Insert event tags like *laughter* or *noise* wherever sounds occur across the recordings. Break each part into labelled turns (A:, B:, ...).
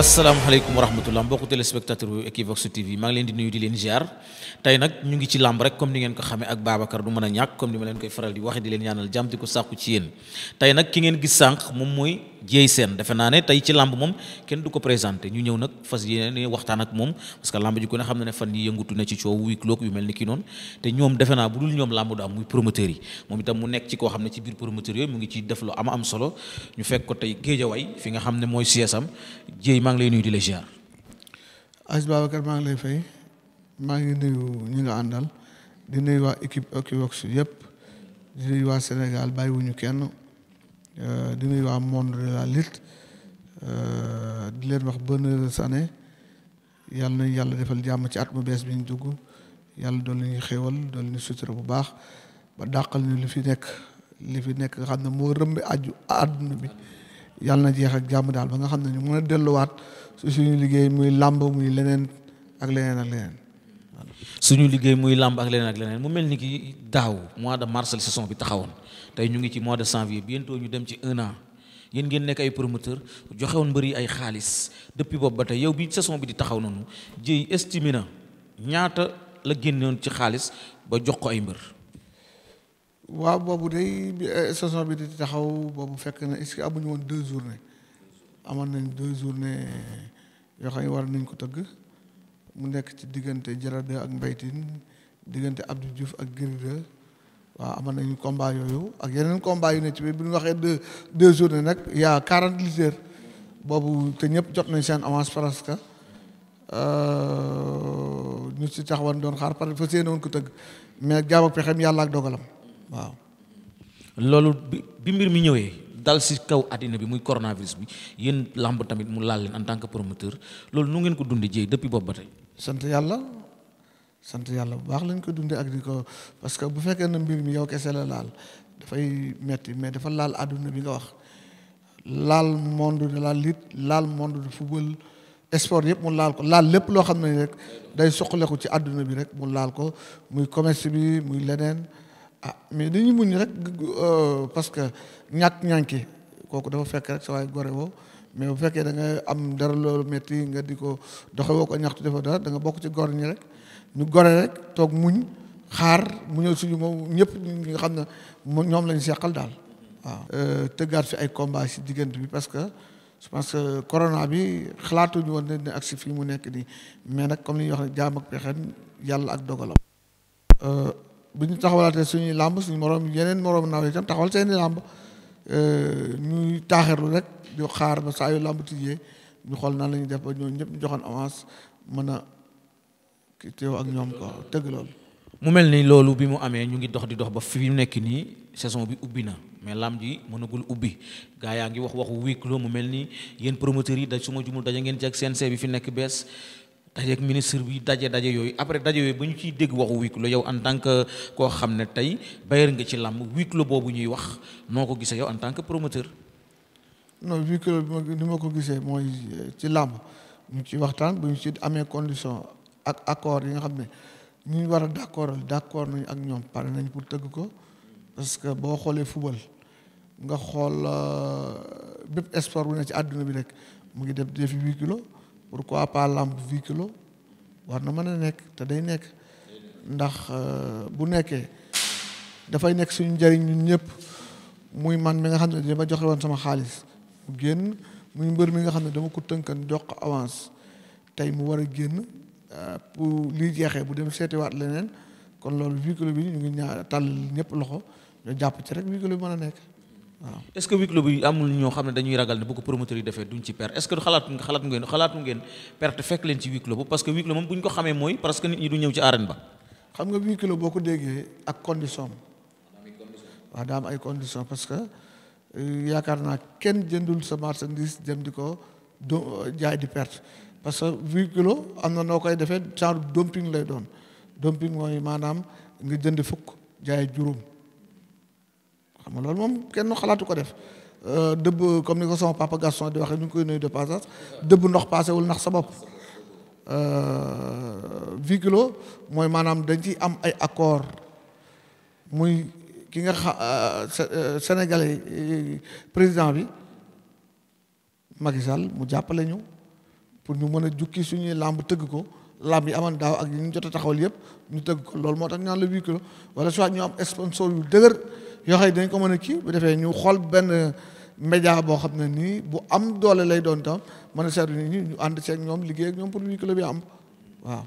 A: asalaamaaleykum wa rahmatulah mbokku téléspectateur yu Equivox TV maa ngi leen di nuyu di leen ziar tey nag ñu ngi ci làmb rek comme ni ngeen ko xamee ak Babacar du mën a ñàkk comme ni ma leen koy faral di ci yéen moom naa ne tey ci làmb moom kenn du ko présenté ñu ñëw nag fas yéene waxtaan ak moom parce que làmb ji ko ne xam na ne fan yi yëngutu na ci coow wi cloog yu mel ni ki noonu te ñoom defe naa bu dul ñoom làmb du am muy promoteurs yi moom itam mu nekk ci koo xam ne ci biir promoteurs yooyu mu ngi ci am ne mooy siège am maa ngi lay nuyu di la ziar.
B: maa ngi lay fay maa ngi nuyu ñu nga àndal di nuyu waa équipe Equivox yëpp di nuyu waa Sénégal bàyyiwuñu kenn euh, di nuyu waa monde de la lutte euh, di wax bonne année yàlla nañu yàlla defal jàmm ci at mu bees bi ñu dugg yàlla doon nañu xéwal doon nañu sutura bu baax ba dàqal ñu li fi nekk li fi nekk nga xam ne moo rëmb aju àdduna bi. yàlla na jeex ak jàmm daal ba nga xam ne ñu mën a delluwaat su suñu liggéey muy làmb muy leneen ak
A: leneen ak leneen. suñu liggéey muy làmb ak leneen ak leneen mu mel ni ki daaw mois de mars saison bi taxawoon tey ñu ngi ci mois de bi bientôt ñu dem ci un an yéen ngeen nekk ay promoteur joxe mbër yi ay xaalis depuis boobu ba tey yow bi saison bi di taxaw noonu Dieye estimé na ñaata la génnoon ci xaalis ba jox ko ay mbër.
B: waaw boobu day eh, saison bi di taxaw boobu fekk na est-ce que amuñu woon deux journées amoon nañ deux journées yoo xam ne war nañ ko tëgg mu nekk ci diggante Jarade ak Mbaytin diggante Abdou Diouf ak Giride waaw amoon nañu combat yooyu ak yeneen combat yu ne ci biir bu ñu waxee deux deux journées nag y a quarante litres boobu te ñëpp jot nañ seen avance presque euh, ñu ci taxawoon doon xaar parce que fa séenoon ko tëgg mais jàmm ak pexeem yàlla ak dogalam.
A: waaw loolu bi mbir mi ñëwee dal si kaw àddina bi muy coronavirus bi yéen làmb tamit mu laal leen en tant que promoteur loolu nu ngeen ko dundee jéey depuis boobu ba tey. sant
B: yàlla sant yàlla bu baax lañ ko dundee ak parce que bu fekkee na mbir mi yow kese la laal dafay metti mais dafa laal àdduna bi nga wax laal monde de la lutte laal monde de football sport yëpp mu laal ko laal lépp loo xam ne rek day soqaleku ci àdduna bi rek mu laal ko muy commerce bi muy leneen. ah mais dañuy muñ rek euh, parce que ñàkk ñànki kooku dafa fekk rek sa waay gore woo mais bu fekkee da nga am dara loolu métti nga di ko doxe woo ko ñaxtu defoo dara da nga bokk ci gor ñi rek ñu gore rek toog muñ xaar muñal suñu moom ñëpp ñi nga xam ne ñoom lañ seqal daal waaw euh, tëggaat fi ay combat si diggante bi parce que je pense que corona bi xalaatuñu woon ne dina si fii mu nekk nii mais nag comme li ñu wax ne jaam ak pexeem yàlla ak dogalam euh, bu ñu taxawalaatee suñuy làmb suñu morom yeneen morom naaw itam taxawal seeni làmb euh, ñuy taaxirlu rek di xaar ba saa yu làmb tijjee ñu xool nan la def ba ñooñu ñëpp ñu joxoon avance mën a ki
A: teew ak ñoom ko tëgg loolu. mu mel ni loolu bi mu amee ñu ngi dox di dox ba fi mu nekk nii saison bi ubbi na mais làmb ji mënagul ubbi gaa yaa ngi wax waxu huis clos mu mel ni yéen promoteurs yi da su ma jumul daja ngeen ci seen see bi fi nekk bees dajeeg ministre bi daje daje yooyu après daje yooyu ba ñu ciy dégg waxu huis clos yow en tant que koo xam ne tey bayar nga ci làmb huis clos boobu ñuy wax noo ko gisee yow en tant que promoteur.
B: non huis clos bi ni ma ko gisee mooy euh, ci làmb ñu ci waxtaan bu ñu ci amee condition ak accord yi nga xam ne ñu war a d' accord d' nañu ak ñoom pare nañ pour tëgg ko parce que boo xoolee football nga xool euh, bépp sport bu ne ci àdduna bi rek mu ngi def défi huis kilo pourquoi pas lampe véhicule war na mën a nekk te day nekk ndax euh, bu nekkee dafay nekk suñu njëriñ ñun ñëpp muy man mi nga xam ne dama joxe woon sama xaalis mu génn muy mbër mi nga xam ne dama ko tënkan jox ko avance tey mu war a génn pour euh, lii jeexee bu dem seetiwaat leneen kon loolu véhicule bi ñu ngi ñaar tàll ñëpp loxo ñu jàpp ci rek véhicule bi mën a nekk
A: waaw est ce que huis clos bi amul ñoo xam ne dañuy ragal ne bu ko promoteur yi defee duñ ci perte est ce que xalaatu xalaatu ngeen xalaatu ngeen perte fekk leen ci huis clos boobu parce que huis clos moom bu ñu ko xamee mooy parce que nit ñi du ñëw ci arène ba.
B: xam nga huis kilo boo ko déggee ak condition waaw daa am ay condition parce que euh, yaakaar naa kenn jëndul sa marchandise jëm di ko jaay di perte parce que huis clos am na noo koy defee genre dumping lay doon dumping mooy maanaam nga jënd fukk jaay juróom. xam loolu moom kenn xalaatu ko def euh, dëbb comme ni ko sama papa Gaston di waxee ñu ngi koy nuyu de passage dëbb ndox passe paasewul ndax sa bopp euh, véhiculo mooy maanaam dañ ci am ay accord muy ki nga xa euh, sénégalais président bi Macky Sall mu jàppale ñu pour ñu mën a jukki suñuy làmb tëgg ko làmb yi amoon daaw ak yi ñu jot a taxawal yëpp ñu tëgg ko loolu moo tax ñu naan la véhiculo wala soit ñu am sponsor yu dëgër yoo xam ne dañ ko mën a kii bu defee ñu xool benn média boo xam ne nii bu am doole lay doon tam mën a seetlu nit ñi ñu ànd seeg ñoom liggéey ak ñoom pour ñu club bi am
A: waaw.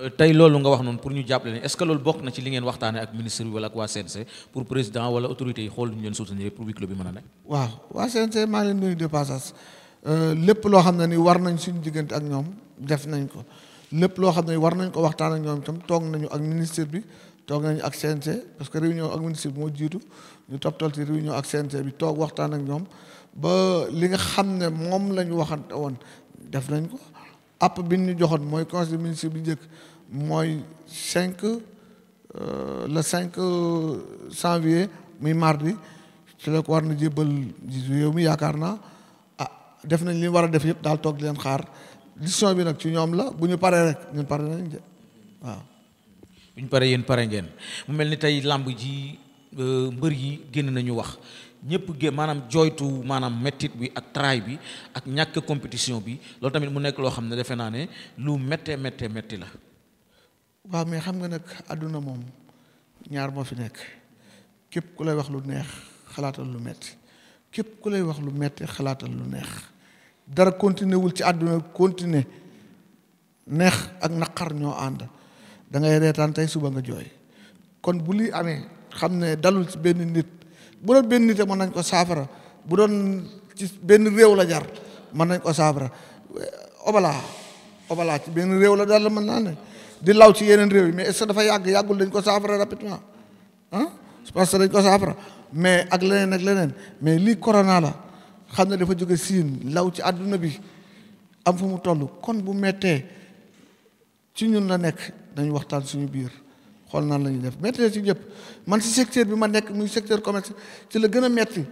A: Euh, tey loolu nga wax noonu pour ñu jàppale ne est-ce que loolu na ci li ngeen waxtaanee ak ministre bi wala ak waa CNC pour président wala leen soutenir pour club bi mën a nekk.
B: waaw waa CNC maa leen nuyu de passage euh, lépp loo xam ne ni war nañ suñu diggante ak ñoom def nañ ko lépp loo xam ne war nañ ko waxtaan ak ñoom itam toog nañu ak ministre bi toog nañu ak CNC parce que réunion ak ministre moo jiitu ñu toptal ci réunion ak CNC bi toog waxtaan ak ñoom ba li nga xam ne moom la ñu waxante woon def nañ ko app bi ñu joxoon mooy conseil ministre bi njëkk mooy cinq euh, le cinq janvier muy mardi ci la ko war na jébbal réew mi yaakaar naa ah def nañ li war a def yëpp daal toog leen xaar décision bi nag ci ñoom la bu ñu paree rek ñun pare nañ
A: waaw bu ñu paree yéen pare ngeen mu mel ni tey làmb ji euh, mbër yi génn nañu wax ñëpp gé maanaam jooytu maanaam mettit bi ak traay bi ak ñàkk compétition bi loolu tamit mu nekk loo xam ne defe naa ne lu méttee méttee métti la.
B: waaw mais xam nga nag àdduna moom ñaar moo fi nekk képp ku lay wax lu neex xalaatal lu metti képp ku lay wax lu metti xalaatal lu neex dara continuer wul ci àdduna continuer neex ak naqar ñoo ànd. da ngay reetaan tey suba nga jooy kon bu lii amee xam ne dalul ci benn nit bu doon benn nit mën nañ ko saafara bu doon ci benn réew la jar mën nañ ko saafara obala obala benn réew la daal mën naa di law ci yeneen réew yi mais est-ce dafa yàgg yàggul dañ ko saafara rapidement ah parce que dañ ko saafara mais ak leneen ak leneen mais lii corona la xam ne dafa jóge siin law ci àdduna bi am fu mu toll kon bu mettee ci ñun la nekk dañu waxtaan suñu biir xool naan la ñuy def métti na ci ñëpp man si secteur bi ma nekk muy secteur commerce ci la gën a metti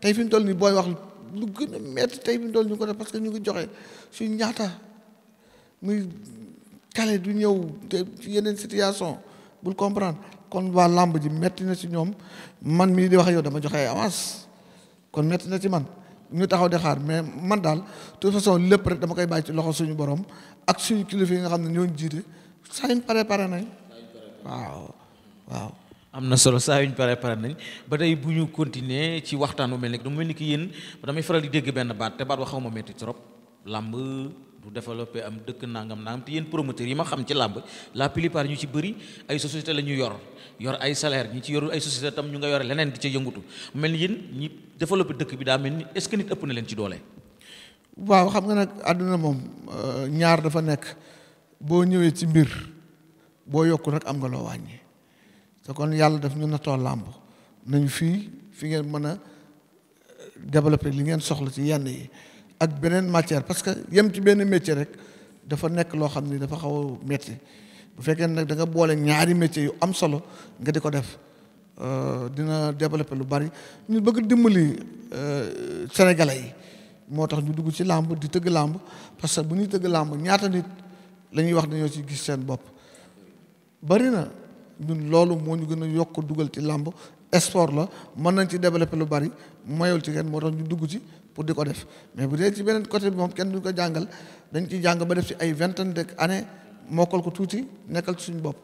B: tey fi mu toll nii booy wax lu gën a metti tey fi mu toll ñu ko def parce que ñu ngi joxe suñu ñaata muy kale du ñëw te yeneen situation bul comprendre kon waa làmb ji metti na si ñoom man mii di wax yow dama joxe avance kon metti na ci man. ñu taxaw di xaar mais man daal de toute façon lépp rek dama koy bàyyi ci loxo suñu borom ak suñu kilifa yi nga xam ne ñoo jiite saa yuñ pare pare nañ
A: waaw waaw. am na solo saa yuñ pare pare nañ ba dey bu ñu continuer ci waxtaan bu mel ni dama mel ni ki yéen damay faral di dégg benn baat te baat wax xaw ma métti trop làmb du développé am dëkk nangam nangam te yéen promoteurs yi ma xam ci làmb la plupart ñu ci bëri ay société la ñu yor yor ay salaire ñi ci yorul ay société tam ñu nga yore leneen di ci yëngutu mel ni yéen ñi développé dëkk bi daa mel ni est-ce nit ëpp na leen ci doole.
B: waaw xam nga nag àdduna moom euh, ñaar dafa nekk boo ñëwee ci mbir boo yokku nag am nga loo wàññi te kon yàlla daf ñu natoo làmb nañ fii fi ngeen mën a euh, développé li ngeen soxla ci yenn yi. ak beneen matière parce que yem ci benn métier rek dafa nekk loo xam ni dafa xaw a métti bu fekkee nag da nga boole ñaari métier yu am solo nga di ko def euh, dina développer lu bari ñu bëgg dimbali euh, sénégalais yi moo tax ñu dugg ci làmb di tëgg làmb parce que bu ñuy tëgg làmb ñaata nit la ñuy wax dañoo ci gis seen bopp bari ñun loolu moo ñu gën a yokk dugal ci làmb sport la mën nañ ci développer lu bari mayul ci kenn moo tax ñu dugg ci pour di ko def mais bu dee ci beneen côté bi moom kenn duñ ko jàngal dañ ciy jàng ba def ci ay vingtaine de année mokkal ko tuuti nekkal ci suñu bopp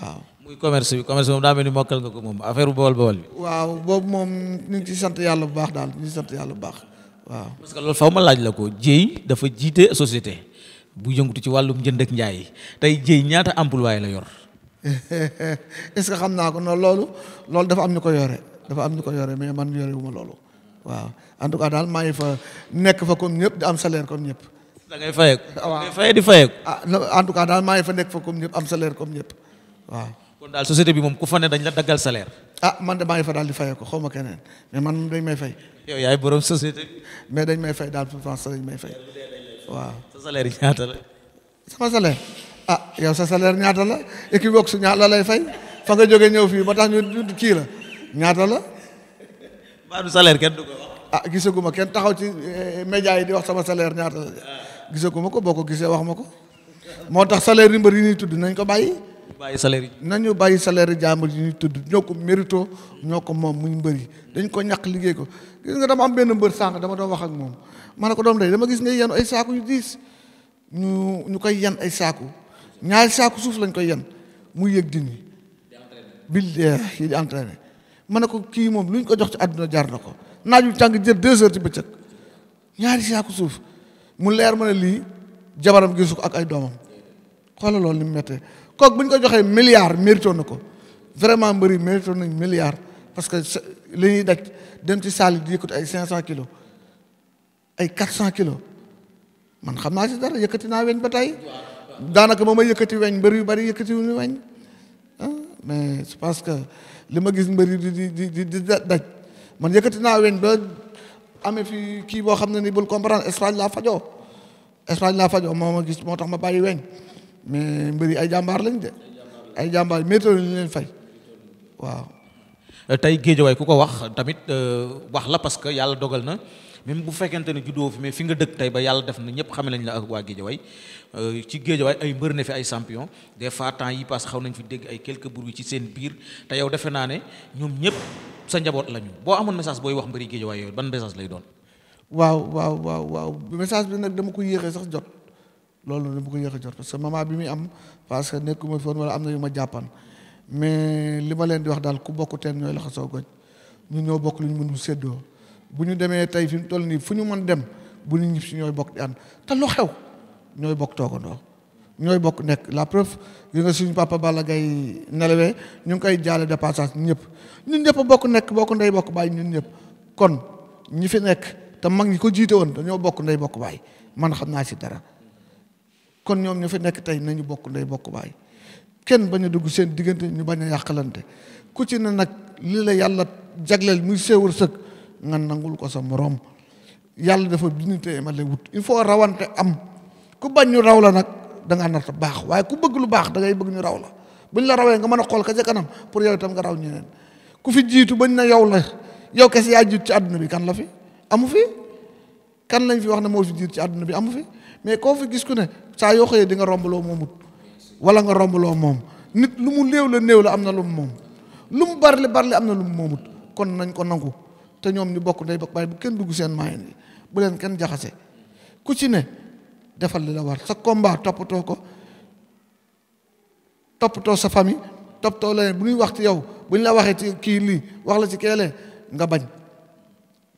A: waaw. muy commerce bi commerce moom daa mel ni mokkal nga ko moom affaire bool bool bi.
B: waaw boobu moom ñu ngi ciy sant yàlla bu baax daal ñu ngi sant yàlla bu baax
A: waaw. parce que loolu faw ma laaj la ko Dieye dafa jiite société bu yëngatu ci wàllum njënd ak njaay tey Dieye ñaata employé la yor.
B: *laughs* est-ce que xam naa ko noonu loolu loolu dafa ñu ko yore dafa am ñu ko yore mais man yore wu ma loolu en tout cas daal maa ngi fa nekk fa comme ñëpp di am salaire comme ñëpp. da ngay fayeeku ah, waaw ngay fayee di fayeeku. ah en daal maa ngi fa nekk fa comme ñëpp am salaire comme ñëpp
A: waaw. bi moom ku fa ne dañ la daggal salaire.
B: ah fa daal di fayeeku xaw ma may fay. yow mais dañ may fay daal tout le temps dañ may fay
A: waaw. sa salaire ñaata la.
B: sama salaire ah yow sa salaire ñaata la Equivox su ñaata la lay fay fa nga jógee ñëw fii ba tax ñu kii la ñaata la. baadu salaire kenn ah gisaguma kenn taxaw ci eh, média yi di wax sama salaire ñaata la gisaguma ko boo ko gisee wax ma ko moo tax saleer yu mbër yi ñuy tudd nañ ko bàyyi. bàyyi salaire yi nañu bàyyi salaire yi jàmbur yi ñuy tudd ñoo ko mérito ñoo ko moom muy mbër yi dañ ko ñàkk liggéey ko gis nga dama am benn mbër sànq dama doon wax ak moom ma ne ko doom day dama gis nga yenu ay saaku yu diis ñu ñu koy yen ay saaku ñaari saaku suuf lañ koy yan muy yëg din yi bil yi ne ko kii moom lu ñu ko jox ci àdduna jar na ko naaj wu tàng jël deux heures ci bëccëg ñaari saaku suuf mu leer ma ne lii jabaram gisu ko ak ay doomam xoolal loolu ni mu méttee kook bu ñu ko joxee milliard mérito na ko vraiment mbëri mérito nañ milliard parce que li ñuy daj dem ci salle di yëkkati ay cinq cent kilos ay quatre cent kilos man xam naa si dara yëkkati naa weñ ba tey daanaka moom may yëkkati weñ mbër yu bari yëkkati wu ñu weñ ah, mais je que li ma gis mbër yi di di di di daj man yëkkati naa weñ ba amee fi kii boo xam ne ni bul comprendre Espagne laa fajoo Espagne laa fajoo moo ma gis moo tax ma bàyyi weñ mais mbëri ay jàmbaar lañ de ay jàmbaar météo ñu leen fay
A: waaw. tey géejawaay ku ko wax tamit euh, wax la parce que yàlla dogal na. même bu fekkente ne juddoo fi mais fi nga dëkk tey ba yàlla def na ñëpp xame nañ la ak waa Géejawaay euh, ci Géejawaay ay mbër ne fi ay champion des fois temps yi passé xaw nañ fi dégg ay quelques bruits ci seen biir te yow defe naa ne ñoom ñëpp sa njaboot la ñu boo amoon message booy wax mbëri Géejawaay yooyu ban message lay doon.
B: waaw waaw waaw waaw message bi nag dama ko yéexee sax jot loolu dama ko yéexee jot parce que maman bi muy am parce que nekkuma fi woon wala am na yu ma jàppan mais li ma leen di wax daal ku bokk teen ñooy laxasoo goj ñu ñoo bokk lu ñu mën bu séddoo bu ñu demee tey fi mu toll nii fu ñu mën dem bu ñu ñib si ñooy bokk di an te lu xew ñooy bokk toogandoo ñooy bokk nekk la preuve yi suñu papa Balla Gaye ñu ngi koy jaale de ñëpp ñun ñëpp bokk nekk bokk ndey bokk baay ñun ñëpp kon ñi fi nekk te mag ñi ko jiite woon dañoo bokk ndey bokk baay man xam naa si dara kon ñoom ñu fi nekk tey nañu bokk ndey bokk baay kenn bañ a dugg seen diggante ñu bañ a yàqalante ku ci ne nag lii la yàlla jagleel muy séewur sëg nga nangul ko sa moroom yàlla dafa bind te yemale wut il faut rawante am ku bañ ñu raw la nag da ngaa narta baax waaye ku bëgg lu baax dangay bëgg ñu raw la buñ la rawee nga mën a xool ka ca kanam pour yow tam nga raw ñeneen ku fi jiitu bañ na yow la yow kes yaa jiit ci àdduna bi kan la fi amu fi kan lañ fi wax ne moo fi jiit ci àdduna bi amu fi mais koo fi gis ku ne saa yoo xëyee di nga rombaloo moomut wala nga rombaloo moom nit lu mu néew la néew la am na lu mu moom lu mu bari bari am na lu mu moomut kon nañ ko nangu te ñoom ñu bokk day bokk waaye bu kenn dugg seen maayen bi bu leen kenn jaxase ku ci ne defal li la war sa combat toppatoo ko toppatoo sa famille toppatoo la bu ñuy wax ci yow bu ñu la waxee ci kii lii wax la ci keelee nga bañ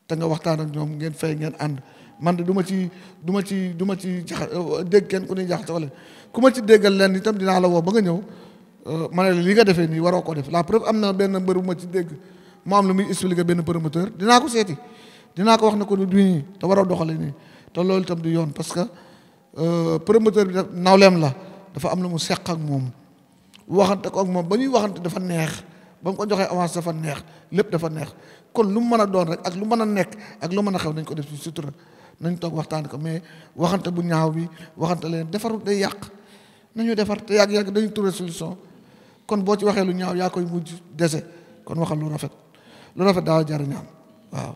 B: te nga waxtaan ak ñoom ngeen fay ngeen ànd man de du ma ci duma ma ci du ma ci jaxa dégg kenn ku ne jaxase wala ku ma ci déggal leen itam dinaa la woo ba nga ñëw euh, ma ne li nga defee nii waroo ko def la preuve am na benn mbër bu ma ci dégg mu am lu muy expliquer benn promoteur dinaa ko seeti dinaa ko wax ne ko du nii te war a doxale nii te loolu itam du yoon parce que euh, promoteur bi nawleem la dafa am lu mu seq ak moom waxante ko moom ba ñuy waxante dafa neex ba mu ko joxee avance dafa neex lépp dafa neex kon lu mu mën a doon rek ak lu mën a nekk ak lu mën a xew dañ ko def ci sutura nañ toog waxtaan ko mais waxante bu ñaaw bi waxante leen defarul day yàq nañu defar te yàgg-yàgg dañu trouver solution kon boo ci waxee lu ñaaw yaa koy mujj dese kon waxal lu rafet lu rafet daa jar ñaan
A: waaw.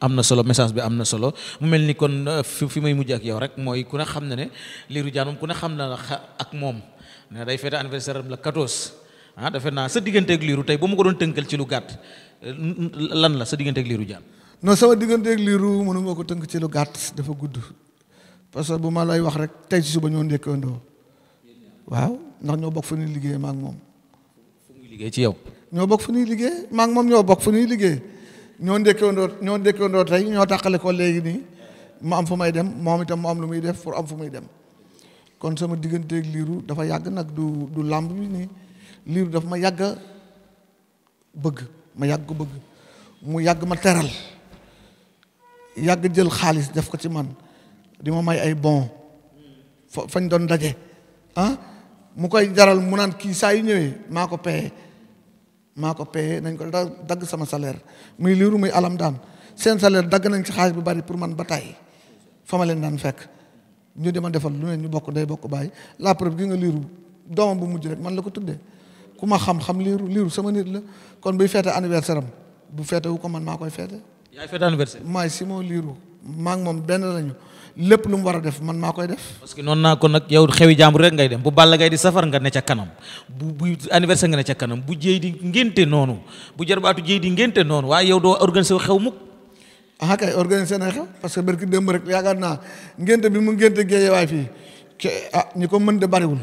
A: am na solo message bi am na solo mu mel ni kon euh, fi fi may mujj ak yow rek mooy ku ne xam ne ne liiru Diane moom ku ne xam na ak moom ne day fête anniversaire am la 14 ah defe naa sa digganteeg Lirou tey ba mu ko doon tënkal ci lu gàtt euh, lan la sa digganteeg Lirou Diane.
B: non sama digganteeg Lirou mënu ma ko tënk ci lu gàtt dafa gudd parce que bu ma lay wax rek tey ci suba ñoo ndékkandoo waaw ndax ñoo bokk fu ñuy liggéey ma ak moom.
A: fu muy liggéey ci yow.
B: ñoo bokk fu ñuy liggéey maa ngi moom ñoo bokk fu ñuy liggéey ñoo ndékkandoo ñoo ndékkandoo tey ñoo tàqale ko léegi nii ma am fu may dem moom itam mu am lu muy def pour am fu muy dem kon sama digganteeg liiru dafa yàgg nag du du làmb nii liiru dafa ma yàgg bëgg ma yàgg ko bëgg mu yàgg ma teral yàgg jël xaalis def ko ci man di ma may ay bon fañ doon daje ah mu koy jaral mu naan kii saa yu ñëwee maa ko paye maa ko payé nañ ko dagg sama salaire muy liiru muy alam daan seen salaire dagg nañ ci xaalis bu bari pour man ba tàyyi fa ma leen daan fekk ñu dema defal lu ne ñu bokk day bokk bàyyi la preuve gi nga liiru doomam bu mujj rek man la ko tuddee ku ma xam-xam liiru liiru sama nit la kon buy feete anniversaire am bu feete ko man maa koy feete.
A: yaay feete anniversaire.
B: maay si moo liiru maak ngi moom benn lañu. lépp lu mu war a def man maa koy def. parce
A: que noonu naa ko nag yow xewi jàmbur rek ngay dem bu Balla Gaye di safar nga ne ca kanam bu bu anniversaire nga ne ca kanam bu jëy di ngénte noonu bu jarbaatu jëy di ngénte noonu waaye yow doo organiser xew mukk. ah kay organiser na xew parce que barki démb rek yaakaar
B: naa ngénte bi mu ngénte géejewaay fii ke ah ko mën de bariwul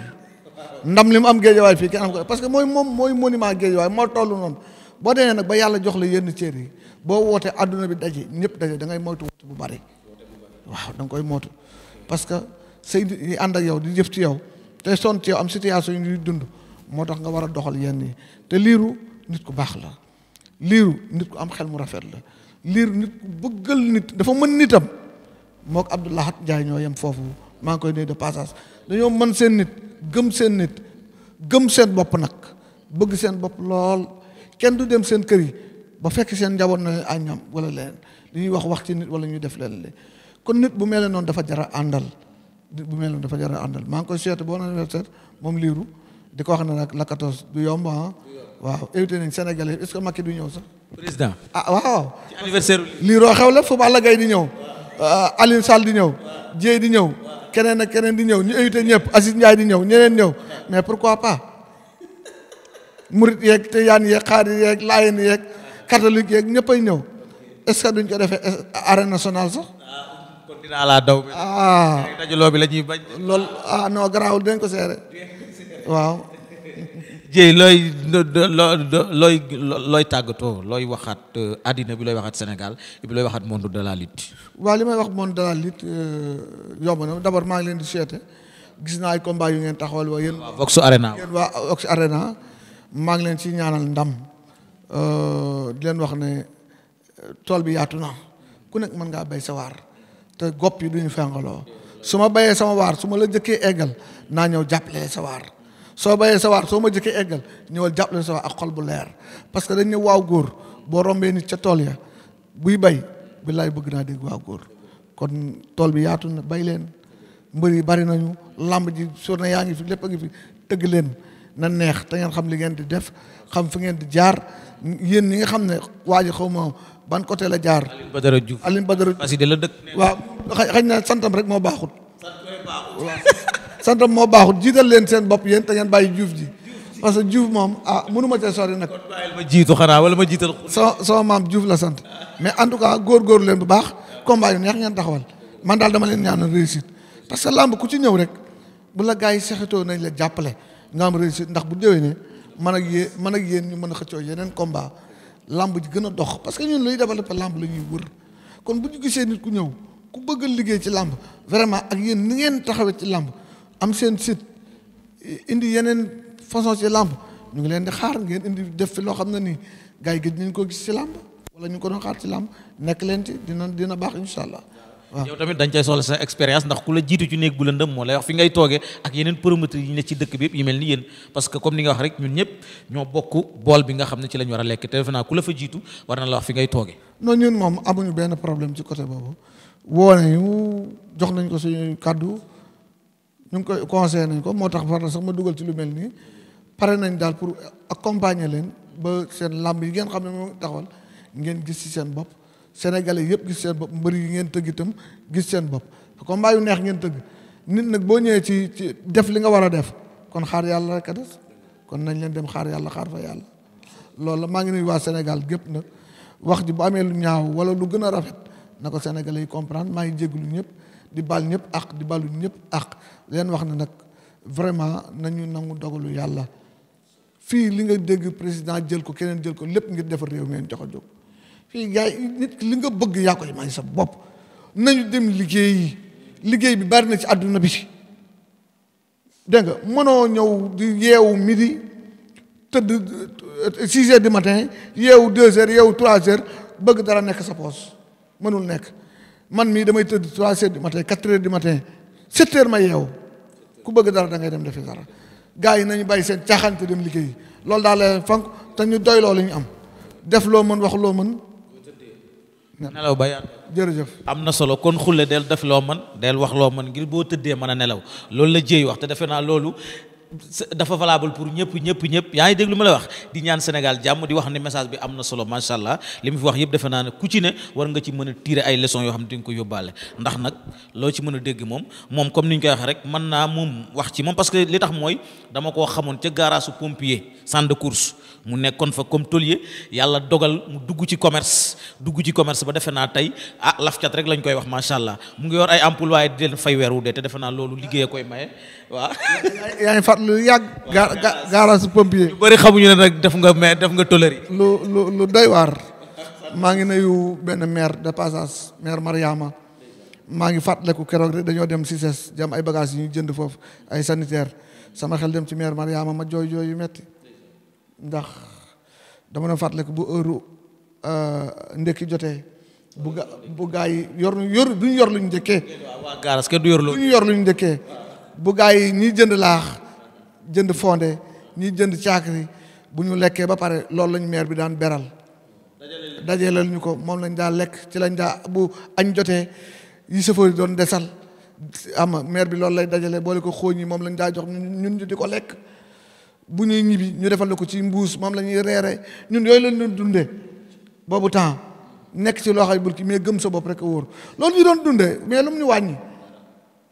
B: ndam li mu am géejewaay fii kenn am ko parce que mooy moom mooy monument géejewaay moo toll noonu. boo demee nag ba yàlla jox la yenn cër yi boo wootee àdduna bi daje ñëpp daje da ngay moytu bu bari waaw da koy mootu parce que say yi ànd ak yow di jëf ci yow te son ci yow am situation yi ñuy dund moo tax nga war a doxal yenn yi te liiru nit ku baax la liiru nit ku am xel mu rafet la liiru nit ku bëggal nit dafa mën nitam moo ko Abdou Lahat Njaay ñoo yem foofu maa ngi koy nuyu de passage dañoo mën seen nit gëm seen nit gëm seen bopp nag bëgg seen bopp lool kenn du dem seen kër yi ba fekk seen njaboot na ñam wala leen li ñuy wax wax ci nit wala ñuy def leen li kon nit bu mel noonu dafa jar a àndal nit bu mel noonu dafa jar a àndal maa ngi koy souhaité bon anniversaire moom liiru di ko wax ne nag la 14 du yomb ah. waaw évité nañ Sénégalais est ce que Macky du ñëw sax. président ah waaw. ci anniversaire liiroo xew la fu Balla Gaye di ñëw. Ah, Alioune Sall di ñëw. Dieye di ñëw. keneen ak keneen di ñëw ñu évité ñëpp Aziz Ndiaye di ñëw ñeneen ñëw mais pourquoi pas. murit yeeg te yaan yeeg xaar yeeg laayen yeeg catholique yeeg ñëppay ñëw est ce que duñ ko defee arène nationale sax.
A: laa daw. ah bi la ñuy bañ. lool
B: ah non garaawul dinañ ko seere
A: waaw. Dieye *laughs* looy looy looy tàggatoo looy waxaat euh, àddina bi looy waxaat Sénégal bi looy waxat monde de la lutte.
B: waaw li may wax monde de euh, yomb na d'abord maa ngi leen di seete gis naa ay combat yu ngeen taxawal waa yéen. waaw Vox Arena yéen maa ngi leen ci ñaanal ndam euh, leen wax ne tool bi yaatu na ku nekk mën ngaa béy sa te gopp yi du ñu fengaloo su ma bayee sama waar su ma la jëkkee eggal naa ñëw jàppale sa waar soo bayee sa waar soo ma jëkkee eggal ñëwal jàppale sa waar ak xol bu leer parce que dañ ne waaw góor boo rombee nit ca tool ya buy bay billaay bëgg naa dégg waaw góor kon tool bi yaatu na bay leen mbër yi bari nañu làmb ji journée yaa ngi fi lépp a ngi fi tëgg leen na neex te ngeen xam li ngeen di def xam fi ngeen di jaar yéen ñi nga xam ne waa ji xaw ma ban côté la jaar. Alioune Badara Diouf Alioune Badara Diouf parce
A: que la dëkk.
B: waaw xëy na santam rek moo baaxut. santam moo baaxut jiital leen seen bopp yéen te ngeen bàyyi Diouf ji. parce que Diouf moom ah mënu ma cee sori nag.
A: ma jiitu xanaa wala ma jiital. sama
B: sama maam Diouf la sant mais en tout cas góorgóorlu leen bu baax combat yu neex ngeen taxawal man daal dama leen ñaanal réussite parce que làmb ku ci ñëw rek bu la gars yi saxitoo nañ la jàppale nga am ndax bu déwee ne man ak yéen man yéen ñu mën a xëccoo yeneen combat lamb ji gën a dox parce que ñun luy développé lamb la ñuy wër kon bu ñu gisee nit ku ñëw ku bëgg a liggéey ci làmb vraiment ak yéen ni ngeen taxawee ci lamb am seen sit indi yeneen façon ci làmb ñu ngi leen di xaar ngeen indi def fi loo xam ne nii gay yi gëj nañ ko gis ci lamb wala ñu ko doon xaar ci làmb nekk leen ci dina dina baax incha allah.
A: yow tamit dañ cay soxla sa expérience ndax ku la jiitu ci néeg bu lëndëm moo lay wax fi ngay toogee ak yeneen promoteur yi ne bool bi nga xam ne ci la ñu war a lekk te defe naa ku la fa jiitu war na la wax fi ngay toogee
B: non ñun moom amuñu benn problème ci côté boobu woo nañu jox nañ ko suñu kàddu ñu ngi koy conseillé nañ ko moo tax war na sax ma dugal ci lu mel nii pare nañ daal pour accompagner leen ba seen làmb yi ngeen xam ne moom taxawal ngeen gis ci seen bopp sénégalais yëpp gis seen bopp mbër yi ngeen tëgg itam gis seen bopp combat yu neex ngeen tëgg nit nag boo ñëwee ci ci def li nga war a def kon xaar yàlla rek a des kon nañ leen dem xaar yàlla xaar fa yàlla loolu la maa ngi nuyu waa Sénégal gépp nag wax ji bu amee lu ñaaw wala lu gën a rafet na ko sénégalais yi comprendre maa ngi jégalu ñëpp di bal ñëpp ak di balu ñëpp ak leen wax ne nag vraiment nañu nangu dogalu yàlla fii li nga dégg président jël ko keneen jël ko lépp ngir defar réew ngeen jox a fii gars yi nit li nga bëgg yaa koy may sa bopp nañu dem liggéeyi liggéey bi bari na ci àdduna bi dégg nga mënoo ñëw di yeewu midi tëdd euh, six heures du matin yeewu deux heures yeewu trois heures bëgg dara nekk sa poos mënul nekk man mii damay tëdd trois heures du matin quatre heures du matin sept ma yeewu ku bëgg dara da ngay dem defi dara gars yi nañu bàyyi seen caaxaan te dem liggéeyi loolu daal la fonk te ñu doy loo la ñu am def loo mën wax loo mën
A: nelaw ba yàgg jërëjëf am na solo kon xulle del def loo man del wax loo man ngir boo tëddee man a nelaw loolu la jéey wax te defe naa loolu dafa valable pour ñëpp ñëpp ñëpp yaa ngi dégg lu ma la wax di ñaan Sénégal jàmm di wax ne message bi am na solo macha allah li mu fi wax yëpp defe naa ne ku ci ne war nga ci mën a tirer ay leçons yoo xam ne di nga ko yóbbaale ndax nag loo ci mën a dégg moom moom comme ni ñu koy waxee rek mën naa moom wax ci moom parce que li tax mooy dama koo xamoon ca garage su pompier centre course mu nekkoon fa comme tôlier yàlla dogal mu dugg ci commerce dugg ci commerce ba defe naa tey ah laf rek lañ koy wax macha allah mu ngi yor ay employé di fay weer wu dee te defe naa loolu koy maye
B: xaar lu yàgg. garage pompier. lu bëri xamuñu ne nag def nga mais def nga toléré. lu lu lu doy maa ngi nuyu benn maire de passage maire Mariama maa ngi fàttaliku keroog rek dañoo dem Cissesse jam ay bagages yu ñu jënd foofu ay sanitaire sama xel dem ci maire Mariama ma jooy jooy yu metti ndax dama doon fàttaliku bu heure euh, ndekki jotee bu gaa yi yor yor duñu yor luñu njëkkee.
A: waaw waaw du yor lu. yor
B: luñu njëkkee bu gaa yi ñiy jënd laax. jënd fonde ñi jënd caakri bu ñu lekkee ba pare loolu lañu maire bi daan beral dajeelal ñu ko moom lañ daa lekk ci lañ daa bu añ jotee yi sëfër yi doon desal ama meer bi loolu lay dajale boole ko xooñ yi moom lañ daa jox ñun ñu di ko lekk bu ñuy ñibbi ñu defal ci mbuus moom la ñuy reere ñun yooyu lañ doon dundee boobu temps nekk ci loo xam ne mais gëm sa bopp rek a wóor loolu ñu doon dundee mais lu ñu wàññi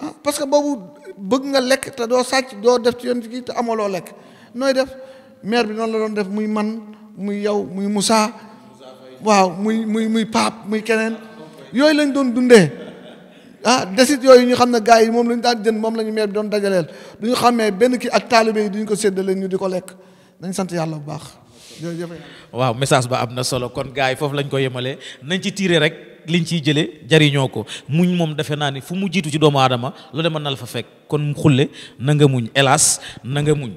B: ah boobu bëgg nga lekk te doo sàcc doo def ci yoon gi te amaloo lekk nooy def maire bi noonu la doon def muy man muy yow muy Moussa waaw muy muy muy Pape muy keneen yooyu lañ doon dundee ah desit yooyu ñu xam ne gars yi moom la ñu daan jën moom la ñu maire bi doon dajaleel du ñu xamee benn kii ak taalibe yi du ñu ko séddale ñu di ko lekk nañ sant yàlla bu baax jërëjëf
A: waaw message ba am na solo kon gars yi foofu lañu ko yemale nañ ci tiire rek. liñ ciy jëlee jariñoo ko muñ moom defe naa ni fu mu jiitu ci doomu aadama loole mën na la fa fekk kon xulle na nga muñ hélas na muñ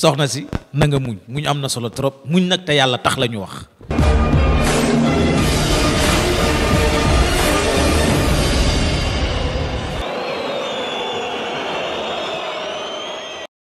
A: soxna si nanga muñ muñ am na solo trop muñ nag te yàlla tax la ñu wax